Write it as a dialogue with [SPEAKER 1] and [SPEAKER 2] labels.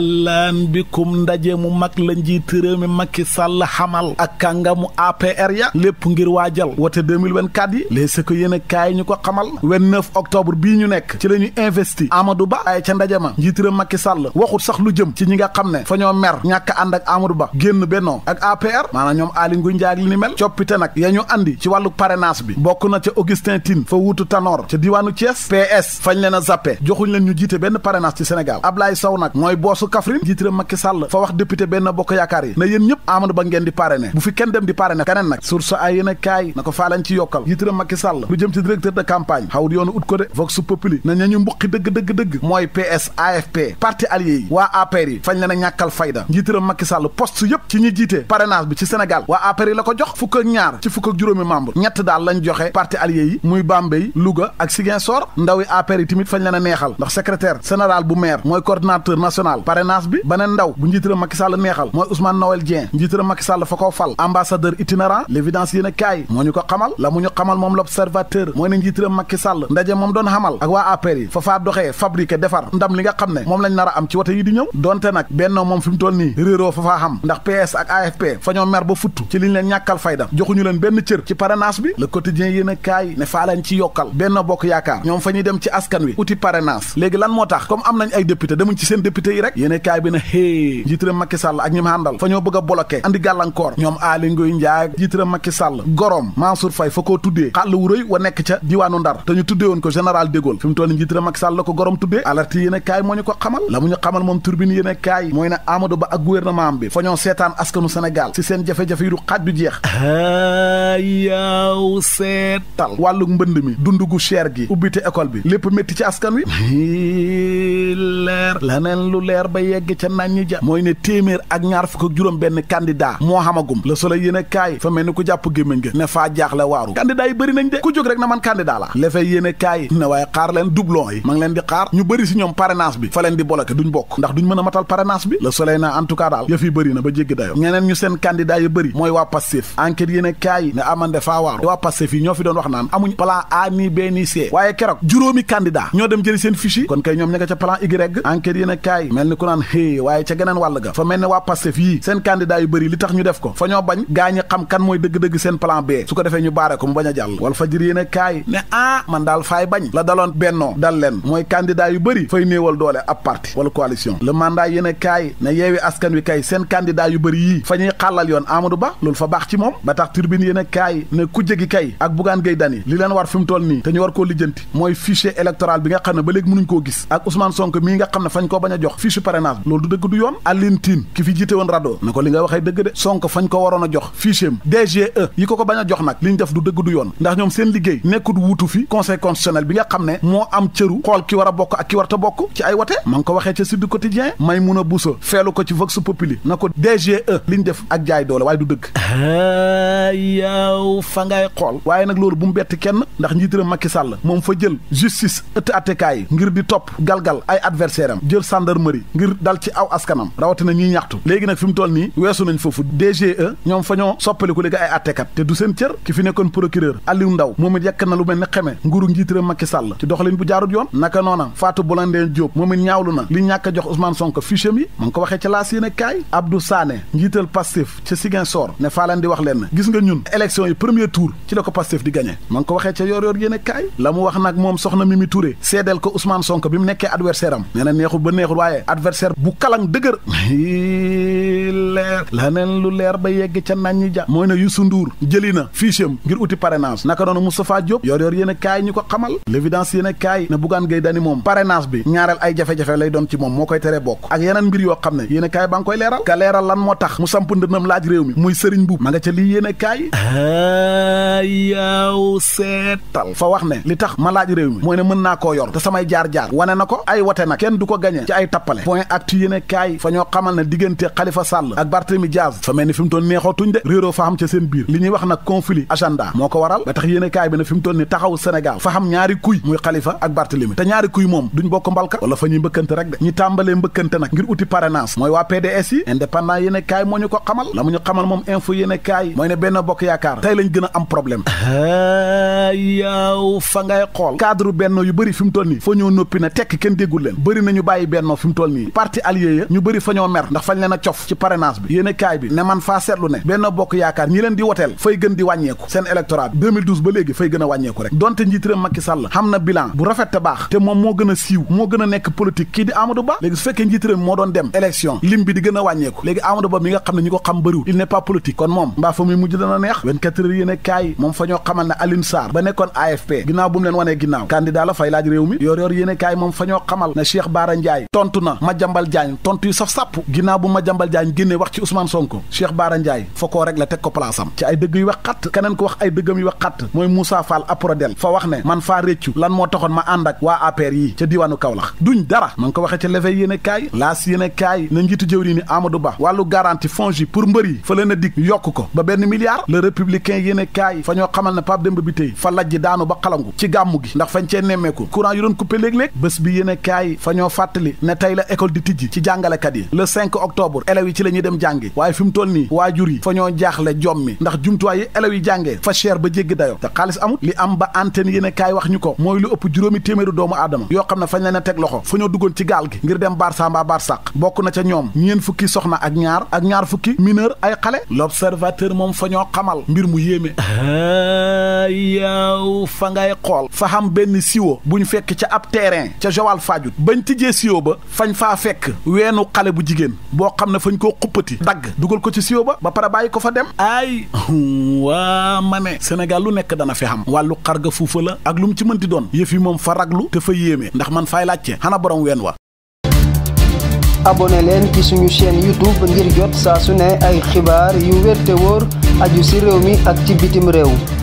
[SPEAKER 1] ahlan bikum ndaje mu mag la njiit réew mi Macky Sall xamal ak kàngamu APR ya lépp ngir waajal wote 2024 yi les se ko yéen a kaay ñu ko xamal 29 octobre bii ñu nekk ci la ñu investi Ba ay ca ndaje ma njiit réew Macky Sall waxul sax lu jëm ci ñi nga xam ne fa ñoo mer ñàkk ànd ak Amadou Ba génn bennoo ak APR maanaam ñoom Aly Ngouille Ndiaye ak li ni mel coppite nag ya ñu andi ci wàllu parrainage bi bokk na ca Augustin Tine fa wuutu Tanor ca diiwaanu Thiès PS fañ leen leen ñu jiite benn parrainage ci Sénégal Ablaye Sow nag Kaffrine njiitëram Macky Sall fa wax député Benno Bokk Yaakaar yi na yéen ñëpp Amadou Ba ngeen di parrainé bu fi kenn dem di parrainé keneen nag source ay yéen a kaay na ko faa lañ ci yokkal njiitëram Macky Sall lu jëm ci directeur de campagne xawut yoonu ut ko de vox populi na ñañu mbuqi dëgg dëgg dëgg mooy PS AFP parti allié yi waa APR yi fañ leen ñàkkal fayda njiitëram Macky Sall poste yëpp ci ñi jiite parrainage bi ci Sénégal waa APR yi la ko fukk ak ñaar ci fukk ak daal lañ joxe parti allié yi muy Bambey Louga ak Ziguinchor ndawi APR yi tamit neexal ndax secrétaire général bu maire mooy coordinateur national parrainage bi beneen ndaw bu njiitëram Macky Sall neexal mooy Ousmane Noël Dieng njiitëram Macky Sall fa koo fal ambassadeur itinérant l'évidence yéen a moo ñu ko xamal la mu ñu xamal moom l'observateur mooy ne njiitëram Macky Sall ndaje moom doon xamal ak waa APR yi fa faa doxee fabriqué defar ndam li nga xam ne moom lañ nar a am ci wote yi di ñëw donte nag bennoo moom fi mu toll nii réeroo fa faa xam ndax PS ak AFP fa ñoo mer ba futtu ci liñ leen ñàkkal fayda joxuñu leen benn cër ci parrainage bi le quotidien yéen a kaay ne faa lañ yaakaar ñoom fa ñuy dem ci askan wi uti parrainage léegi lan moo tax comme am nañ ay député demuñ ci seen député yi rek yéen kaay bi na xée njiitëram Macky Sall ak ñi ma fa ñoo bëgg a bloqué andi gàllankoor ñoom Aly Ngouille Ndiaye njiitëram Macky Sall goroom Mansour Faye fa koo tuddee xàll wu rëy wa nekk ca diwaanu Ndar te ñu tuddee woon ko général de Gaulle fi mu toll ni njiitëram Macky Sall la ko goroom tuddee alerte yéen kaay moo ñu ko xamal la mu ñu xamal moom turbine yéen kaay mooy ne Amadou Ba ak gouvernement am bi fa ñoo seetaan askanu Sénégal si seen jafe-jafe yi du xaaj jeex wàllu mbënd mi dund gu cher gi ubbite école bi lépp métti ci askan wi lu leer ba yegg ca nañu ja mooy ne téeméer ak ñaar fukk ak juróom benn candidat moo xamagum le soleil yéen a fa mel ni ku jàpp gémmiñ ga ne faa jaaxle waaru candidat yi bëri nañ de ku jóg rek na man candidat la lefay yéen a ne waaye xaar leen doublon yi ma leen di xaar ñu bëri si ñoom parrainage bi fa leen di bloqué duñ bokk ndax duñ mën a matal parrainage bi le soleil na daal yëf yi bëri na ba jéggi dayo ñeneen ñu seen candidat yi ñoo ku naan waaye ca geneen wàll ga fa mel ne waa Pastef yii seen candidat yu bëri li tax ñu def ko fa bañ gaa xam kan mooy dëgg-dëgg seen plan B su ko defee ñu baare ko mu bañ a jàll wal fajir yéen a kaay ne ah man daal faay bañ la daloon bennoo dal leen mooy candidat yu bëri fay néewal doole ab parti wala coalition le mandat yéen a kaay ne yeewi askan wi kay seen candidat yu bëri yii fa xàllal yoon Amadou Ba loolu fa baax ci moom parrainage loolu du dëgg du yoon Alioune Tine ki fi jiite woon rado na ko li nga waxee dëgg de Sonko fañ ko waroon a jox fichier DGE yi ko ko bañ a jox nag li ñu def du dëgg du yoon ndax ñoom seen liggéey nekkut wuutu fi conseil constitutionnel bi nga xam ne moo am cëru xool ki war a bokk ak ki war ta bokk ci ay wote ma ngi ko waxee ca Sud Quotidien a Bousso feelu ko ci Vox Populi na ko DGE li ñu def ak jaay doole waaye du dëgg yow fa ngay xool waaye nag loolu bu mu bett kenn ndax njiitëram Macky Sall moom fa jël justice ëtt attekaay ngir di topp galgal ay adversaire am jël gendarmerie ngir dal ci aw askanam rawatina ñuy ñaxtu léegi nag fi mu toll nii weesu nañ foofu DGE ñoom fa ñoo soppaliku léegi ay attekat te du seen cër ki fi nekkoon procureur Aliou Ndaw moom it yekk na lu mel ni xeme nguuru njiitëram Macky Sall ci doxalin bu jaarut yoon naka noona Fatou Blondin Diop moom it ñaawlu na li ñàkk a jox Ousmane Sonko fichiam yi ma ko waxee ci laas yéene kaay Abdou Sané njiital Pastef ca Ziguinchor ne faa di wax leen na adversaire bu kalang dëgër leer laneen lu leer ba yegg ca nañ ja mooy ne Youssou Ndour jëli na fiche am ngir uti parrainage naka noonu Moustapha Diop yor yor yéen a kaay ñu ko xamal l'évidence yéen a kaay ne Bougane Gueye Dany moom parrainage bi ñaareel ay jafe-jafe lay doon ci moom moo koy teree bokk ak yeneen mbir yoo xam ne yéen a kaay ba nga koy leeral ka leeral lan moo tax mu samp ndëndam laaj réew mi muy Serigne Mboup ma nga ca lii yéen kaay yaaw seetal fa wax ne li tax ma laaj réew mi mooy ne mën naa koo yor te jaar-jaar wane na ko point actu yéene kaay fa ñoo xamal ne diggante xalifa Sall ak Barthélemy Diaz fa mel ni fi mu toon neexootuñ de réeroo fa xam ca seen biir li ñuy wax nag conflit agenda moo ko waral ba tax yéene kaay bi ne fim mu toon ni taxaw Sénégal fa xam ñaari kuy muy Khalifa ak Barthélemy te ñaari kuy moom duñu bokk mbalka wala fa ñuy mbëkkante rek de ñi tàmbalee mbëkkante nag ngir uti parrainage mooy waa PDS yi indépendant yéene kaay moo ñu ko xamal la mu ñu xamal moom info yéene kaay mooy ne benn bokk yaakaar tey lañ gën am problème fa ngay xool cadre benn yu bëri fi mu toll nii fa ñoo noppi ne tekk kenn déggul leen bëri nañu bàyyi benn fi mu toll nii parti allié ya ñu bëri fa ñoo mer ndax fañ leen a cof ci parrainage bi yéene kaay bi ne man faa seetlu ne benn bokk yaakaar ñi leen di woteel fay gën di wàññeeku seen électorat bi 2012 ba léegi fay gën a wàññeeku rek donte njiitëram Macky Sall xam na bilan bu rafet te baax te moom moo gën a siiw moo gën a nekk politique kii di Amadou Ba léegi su fekkee njiitëram moo doon dem élection lim bi di gën a wàññeeku léegi Amadou Ba mi nga xam ne ñi ko xam bëriwul il n'est pas politique kon moom mbaa fa muy mujj dana neex fay laaj réew mi yor yor yéene kaay moom fa ñoo Madiambal Diagne tontu yu saf sàpp ginnaaw bu Madiambal Diagne génnee wax ci Ousmane Sonko Cheikh Bara Ndiaye fa koo rek la teg ko place am ko wax ay dëggam yu wax xatt mooy fa wax ne man faa réccu lan moo taxoon ma ànd ak waa APR yi ca diiwaanu Kaolack duñ na njiitu jëwriñ ni fa leen a dig yokk ba benn milliard le républicain yéen fa ñoo xamal ne Pape bi tey fa lajj daanu ba xalangu ci gàmmu gi ndax fañ cee nemmeeku courant yu bi yéen fa ñoo fàttali école di tijji ci jàngalekat yi le 5 octobre élèves yi ci la ñuy dem jàngi waaye fi mu toll nii waajur yi fa ñoo jaaxle jom mi ndax jumtuwaay yi élèves yi jàngee fa cher ba jéggi dayo te xaalis amut li am ba antenne yi ne kaay wax ñu ko mooy lu ëpp juróomi téeméeri doomu aadama yoo xam ne fañ leen ne teg loxo fa ñoo duggoon ci gaal gi ngir dem Barça mbaa Barsàq bokk na ca ñoom ñeen fukki soxna ak ñaar ak ñaar fukki mineur ay xale l'observateur moom fa ñoo xamal mbir mu yéeme yaaw fa ngay xool fa xam benn siwo bu ñu fekk ca ab terrain ca Joal Fadiouth bañ tijjee siwo ba faa fekk weenu xale bu jigéen boo xam ne fañ koo xuppati dagg dugal ko ci siwo ba ba pare bàyyi ko fa dem ay waa ma ne Sénégal lu nekk dana fi xam wàllu xarga fuufa la ak lu mu ci di doon yëf moom fa raglu te fa yéeme ndax man fay laajte xana borom ween wa leen ci suñu chaîne youtube ngir jot ay xibaar yu wér te wóor aju réew mi ak ci bitim réew